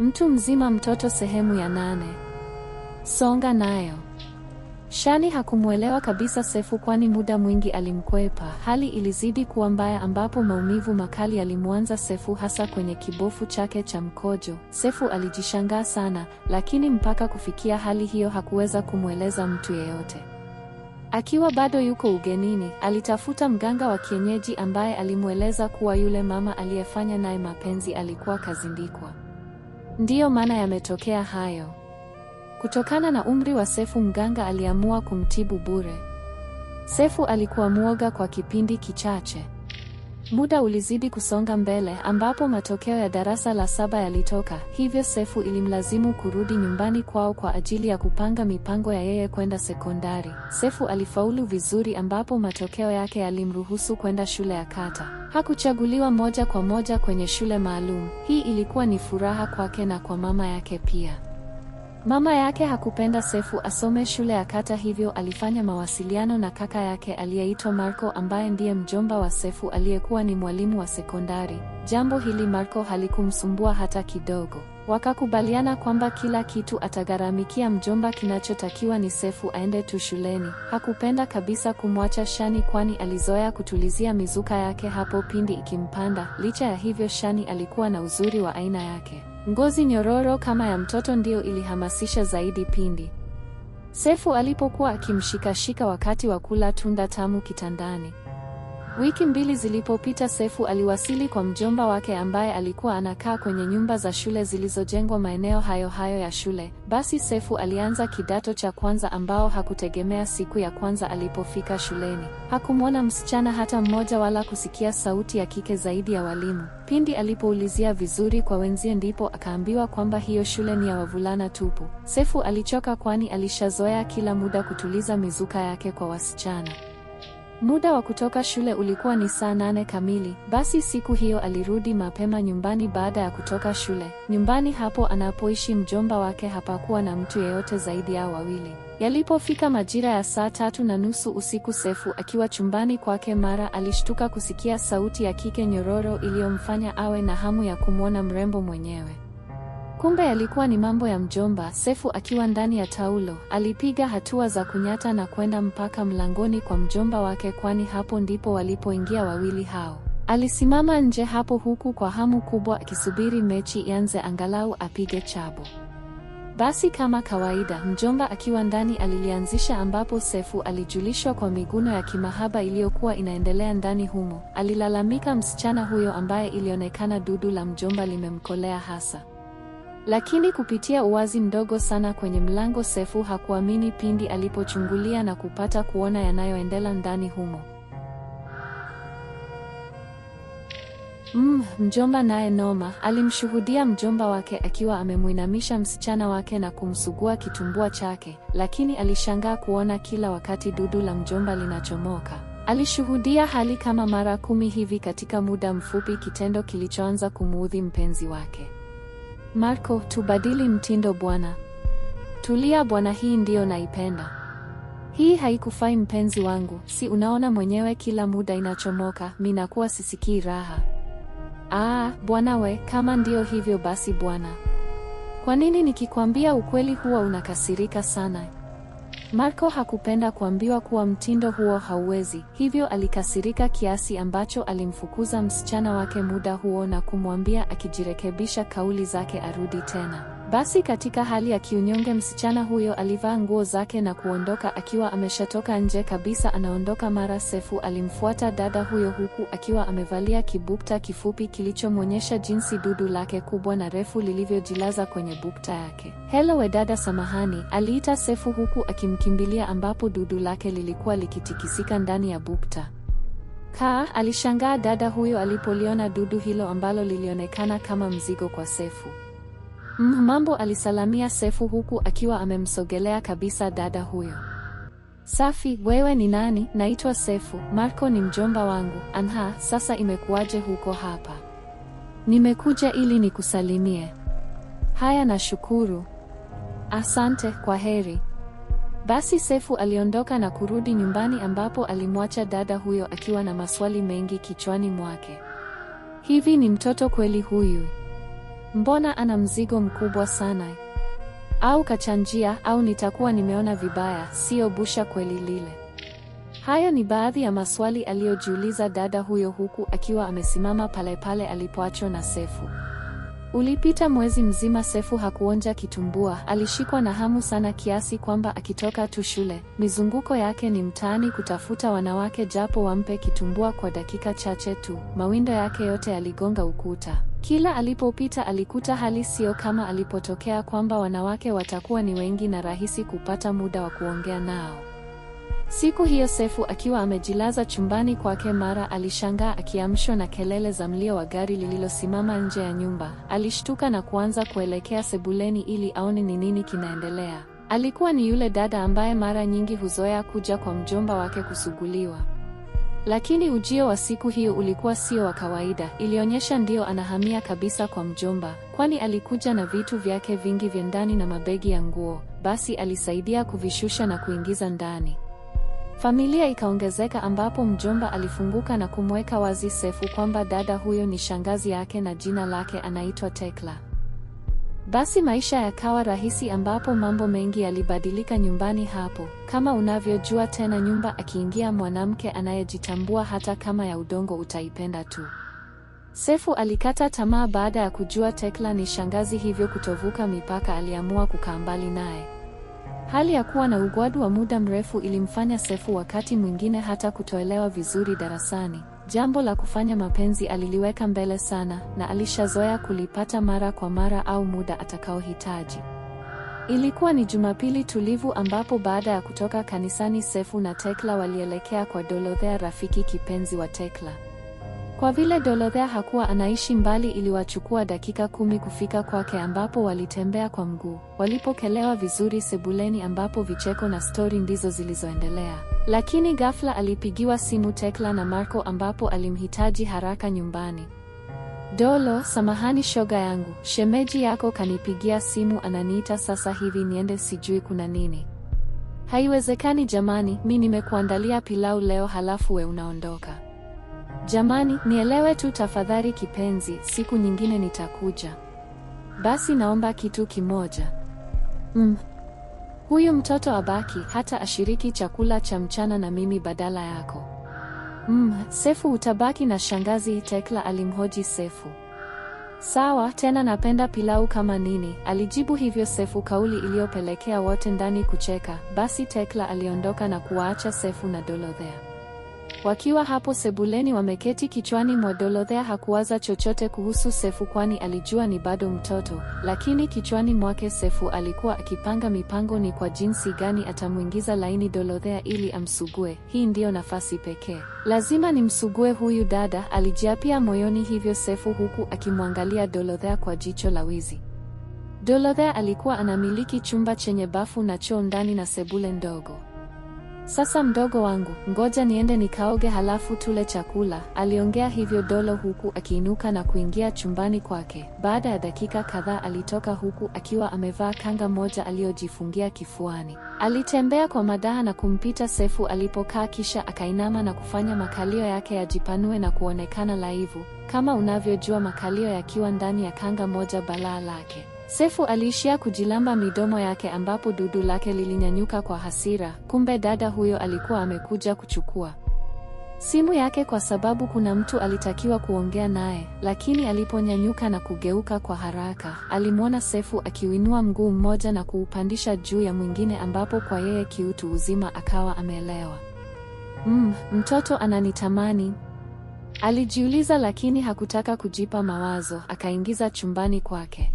Mtu mzima mtoto sehemu ya nane. Songa nayo. Shani hakumwelewa kabisa Sefu kwani muda mwingi alimkwepa. Hali ilizidi kuwa mbaya ambapo maumivu makali yalimwanza Sefu hasa kwenye kibofu chake cha mkojo. Sefu alijishangaa sana, lakini mpaka kufikia hali hiyo hakuweza kumweleza mtu yeyote. Akiwa bado yuko ugenini, alitafuta mganga wa kienyeji ambaye alimweleza kuwa yule mama aliyefanya naye mapenzi alikuwa kazindikwa. Ndiyo maana yametokea hayo. Kutokana na umri wa Sefu, mganga aliamua kumtibu bure. Sefu alikuwa mwoga kwa kipindi kichache. Muda ulizidi kusonga mbele ambapo matokeo ya darasa la saba yalitoka, hivyo Sefu ilimlazimu kurudi nyumbani kwao kwa ajili ya kupanga mipango ya yeye kwenda sekondari. Sefu alifaulu vizuri ambapo matokeo yake yalimruhusu kwenda shule ya kata. Hakuchaguliwa moja kwa moja kwenye shule maalum. Hii ilikuwa ni furaha kwake na kwa mama yake pia. Mama yake hakupenda Sefu asome shule ya kata, hivyo alifanya mawasiliano na kaka yake aliyeitwa Marco ambaye ndiye mjomba wa Sefu aliyekuwa ni mwalimu wa sekondari. Jambo hili Marco halikumsumbua hata kidogo. Wakakubaliana kwamba kila kitu atagharamikia mjomba, kinachotakiwa ni Sefu aende tu shuleni. Hakupenda kabisa kumwacha Shani kwani alizoea kutulizia mizuka yake hapo pindi ikimpanda. Licha ya hivyo, Shani alikuwa na uzuri wa aina yake. Ngozi nyororo kama ya mtoto ndiyo ilihamasisha zaidi pindi Sefu alipokuwa akimshikashika wakati wa kula tunda tamu kitandani. Wiki mbili zilipopita Sefu aliwasili kwa mjomba wake ambaye alikuwa anakaa kwenye nyumba za shule zilizojengwa maeneo hayo hayo ya shule. Basi Sefu alianza kidato cha kwanza ambao hakutegemea siku ya kwanza alipofika shuleni. Hakumwona msichana hata mmoja wala kusikia sauti ya kike zaidi ya walimu. Pindi alipoulizia vizuri kwa wenzie ndipo akaambiwa kwamba hiyo shule ni ya wavulana tupu. Sefu alichoka kwani alishazoea kila muda kutuliza mizuka yake kwa wasichana. Muda wa kutoka shule ulikuwa ni saa nane kamili. Basi siku hiyo alirudi mapema nyumbani baada ya kutoka shule. Nyumbani hapo anapoishi mjomba wake hapakuwa na mtu yeyote zaidi yao wawili. Yalipofika majira ya saa tatu na nusu usiku, Sefu akiwa chumbani kwake, mara alishtuka kusikia sauti ya kike nyororo iliyomfanya awe na hamu ya kumwona mrembo mwenyewe. Kumbe yalikuwa ni mambo ya mjomba. Sefu akiwa ndani ya taulo, alipiga hatua za kunyata na kwenda mpaka mlangoni kwa mjomba wake, kwani hapo ndipo walipoingia wawili hao. Alisimama nje hapo huku kwa hamu kubwa akisubiri mechi ianze angalau apige chabo. Basi kama kawaida, mjomba akiwa ndani alilianzisha, ambapo Sefu alijulishwa kwa miguno ya kimahaba iliyokuwa inaendelea ndani humo. Alilalamika msichana huyo ambaye ilionekana dudu la mjomba limemkolea hasa. Lakini kupitia uwazi mdogo sana kwenye mlango, Sefu hakuamini pindi alipochungulia na kupata kuona yanayoendela ndani humo. Mm, mjomba naye noma, alimshuhudia mjomba wake akiwa amemwinamisha msichana wake na kumsugua kitumbua chake, lakini alishangaa kuona kila wakati dudu la mjomba linachomoka. Alishuhudia hali kama mara kumi hivi katika muda mfupi, kitendo kilichoanza kumuudhi mpenzi wake. Marco, tubadili mtindo bwana. Tulia bwana, hii ndiyo naipenda. Hii haikufai mpenzi wangu, si unaona mwenyewe kila muda inachomoka, minakuwa sisikii raha. Aa, ah, bwana we, kama ndiyo hivyo basi bwana. Kwa nini nikikwambia ukweli huwa unakasirika sana? Marco hakupenda kuambiwa kuwa mtindo huo hauwezi, hivyo alikasirika kiasi ambacho alimfukuza msichana wake muda huo na kumwambia akijirekebisha kauli zake arudi tena. Basi katika hali ya kiunyonge, msichana huyo alivaa nguo zake na kuondoka akiwa ameshatoka nje kabisa. Anaondoka mara, Sefu alimfuata dada huyo huku akiwa amevalia kibukta kifupi kilichomwonyesha jinsi dudu lake kubwa na refu lilivyojilaza kwenye bukta yake. Hello we dada, samahani, aliita Sefu huku akimkimbilia ambapo dudu lake lilikuwa likitikisika ndani ya bukta. Ka alishangaa dada huyo alipoliona dudu hilo ambalo lilionekana kama mzigo kwa Sefu. Mambo alisalamia Sefu huku akiwa amemsogelea kabisa dada huyo. Safi, wewe ni nani? Naitwa Sefu, Marco ni mjomba wangu. Anha, sasa imekuwaje huko hapa? Nimekuja ili nikusalimie. Haya, nashukuru. Asante, kwa heri. Basi Sefu aliondoka na kurudi nyumbani ambapo alimwacha dada huyo akiwa na maswali mengi kichwani mwake. Hivi ni mtoto kweli huyu? Mbona ana mzigo mkubwa sana? Au kachanjia au nitakuwa nimeona vibaya, siyo busha kweli lile. Hayo ni baadhi ya maswali aliyojiuliza dada huyo huku akiwa amesimama palepale alipoachwa na Sefu. Ulipita mwezi mzima Sefu hakuonja kitumbua, alishikwa na hamu sana kiasi kwamba akitoka tu shule, mizunguko yake ni mtaani kutafuta wanawake japo wampe kitumbua kwa dakika chache tu. Mawindo yake yote yaligonga ukuta. Kila alipopita alikuta hali sio kama alipotokea, kwamba wanawake watakuwa ni wengi na rahisi kupata muda wa kuongea nao. Siku hiyo Sefu akiwa amejilaza chumbani kwake, mara alishangaa akiamshwa na kelele za mlio wa gari lililosimama nje ya nyumba. Alishtuka na kuanza kuelekea sebuleni ili aone ni nini kinaendelea. Alikuwa ni yule dada ambaye mara nyingi huzoea kuja kwa mjomba wake kusuguliwa. Lakini ujio wa siku hiyo ulikuwa sio wa kawaida. Ilionyesha ndio anahamia kabisa kwa mjomba, kwani alikuja na vitu vyake vingi vya ndani na mabegi ya nguo. Basi alisaidia kuvishusha na kuingiza ndani. Familia ikaongezeka ambapo mjomba alifunguka na kumweka wazi Sefu kwamba dada huyo ni shangazi yake na jina lake anaitwa Tekla. Basi maisha yakawa rahisi ambapo mambo mengi yalibadilika nyumbani hapo. Kama unavyojua tena, nyumba akiingia mwanamke anayejitambua, hata kama ya udongo, utaipenda tu. Sefu alikata tamaa baada ya kujua Tekla ni shangazi, hivyo kutovuka mipaka aliamua kukaa mbali naye. Hali ya kuwa na ugwadu wa muda mrefu ilimfanya Sefu wakati mwingine hata kutoelewa vizuri darasani. Jambo la kufanya mapenzi aliliweka mbele sana na alishazoea kulipata mara kwa mara au muda atakaohitaji. Ilikuwa ni Jumapili tulivu ambapo baada ya kutoka kanisani Sefu na Tekla walielekea kwa Dolothea rafiki kipenzi wa Tekla. Kwa vile Dolothea hakuwa anaishi mbali, iliwachukua dakika kumi kufika kwake, ambapo walitembea kwa mguu. Walipokelewa vizuri sebuleni, ambapo vicheko na stori ndizo zilizoendelea. Lakini ghafla alipigiwa simu Tekla na Marco, ambapo alimhitaji haraka nyumbani. Dolo, samahani shoga yangu, shemeji yako kanipigia simu, ananiita sasa hivi niende, sijui kuna nini. Haiwezekani jamani, mi nimekuandalia pilau leo, halafu we unaondoka Jamani, nielewe tu tafadhali kipenzi, siku nyingine nitakuja. Basi naomba kitu kimoja. Mm. Huyu mtoto abaki hata ashiriki chakula cha mchana na mimi badala yako. Mm, Sefu utabaki na shangazi, Tekla alimhoji Sefu. Sawa, tena napenda pilau kama nini, alijibu hivyo Sefu, kauli iliyopelekea wote ndani kucheka. Basi Tekla aliondoka na kuwaacha Sefu na dolodhea Wakiwa hapo sebuleni wameketi, kichwani mwa Dorothea hakuwaza chochote kuhusu Sefu kwani alijua ni bado mtoto, lakini kichwani mwake Sefu alikuwa akipanga mipango ni kwa jinsi gani atamwingiza laini Dorothea ili amsugue. Hii ndiyo nafasi pekee, lazima nimsugue huyu dada, alijiapia moyoni hivyo Sefu huku akimwangalia Dorothea kwa jicho la wizi. Dorothea alikuwa anamiliki chumba chenye bafu na choo ndani na sebule ndogo. Sasa mdogo wangu, ngoja niende nikaoge halafu tule chakula. Aliongea hivyo Dolo huku akiinuka na kuingia chumbani kwake. Baada ya dakika kadhaa alitoka huku akiwa amevaa kanga moja aliyojifungia kifuani. Alitembea kwa madaha na kumpita Sefu alipokaa kisha akainama na kufanya makalio yake yajipanue na kuonekana laivu. Kama unavyojua makalio yakiwa ndani ya kanga moja balaa lake. Sefu aliishia kujilamba midomo yake ambapo dudu lake lilinyanyuka kwa hasira. Kumbe dada huyo alikuwa amekuja kuchukua simu yake kwa sababu kuna mtu alitakiwa kuongea naye, lakini aliponyanyuka na kugeuka kwa haraka, alimwona Sefu akiuinua mguu mmoja na kuupandisha juu ya mwingine ambapo kwa yeye kiutu uzima akawa ameelewa. Mm, mtoto ananitamani. Alijiuliza lakini hakutaka kujipa mawazo, akaingiza chumbani kwake.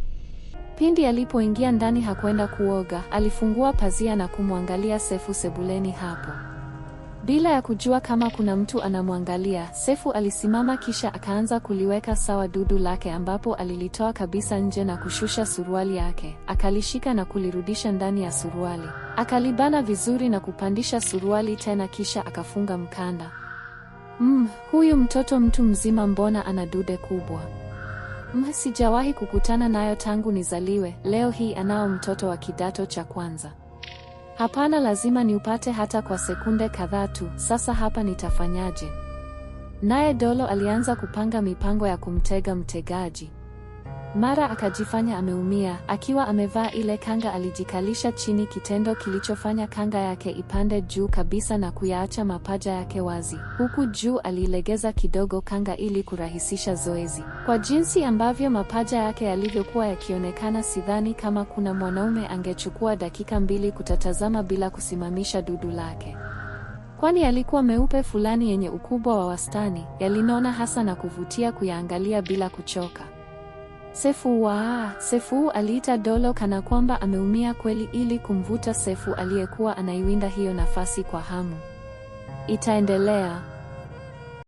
Pindi alipoingia ndani hakwenda kuoga, alifungua pazia na kumwangalia Sefu sebuleni hapo. Bila ya kujua kama kuna mtu anamwangalia, Sefu alisimama kisha akaanza kuliweka sawa dudu lake ambapo alilitoa kabisa nje na kushusha suruali yake, akalishika na kulirudisha ndani ya suruali. Akalibana vizuri na kupandisha suruali tena kisha akafunga mkanda. Mm, huyu mtoto mtu mzima mbona ana dude kubwa? Ma sijawahi kukutana nayo tangu nizaliwe. Leo hii anao mtoto wa kidato cha kwanza. Hapana, lazima niupate hata kwa sekunde kadhaa tu. Sasa hapa nitafanyaje? Naye Dolo alianza kupanga mipango ya kumtega mtegaji. Mara akajifanya ameumia, akiwa amevaa ile kanga alijikalisha chini, kitendo kilichofanya kanga yake ipande juu kabisa na kuyaacha mapaja yake wazi. Huku juu alilegeza kidogo kanga ili kurahisisha zoezi. Kwa jinsi ambavyo mapaja yake yalivyokuwa yakionekana, sidhani kama kuna mwanaume angechukua dakika mbili kutatazama bila kusimamisha dudu lake kwani yalikuwa meupe fulani yenye ukubwa wa wastani, yalinona hasa na kuvutia kuyaangalia bila kuchoka. Sefu wa Sefu aliita Dolo kana kwamba ameumia kweli, ili kumvuta Sefu aliyekuwa anaiwinda hiyo nafasi kwa hamu. Itaendelea.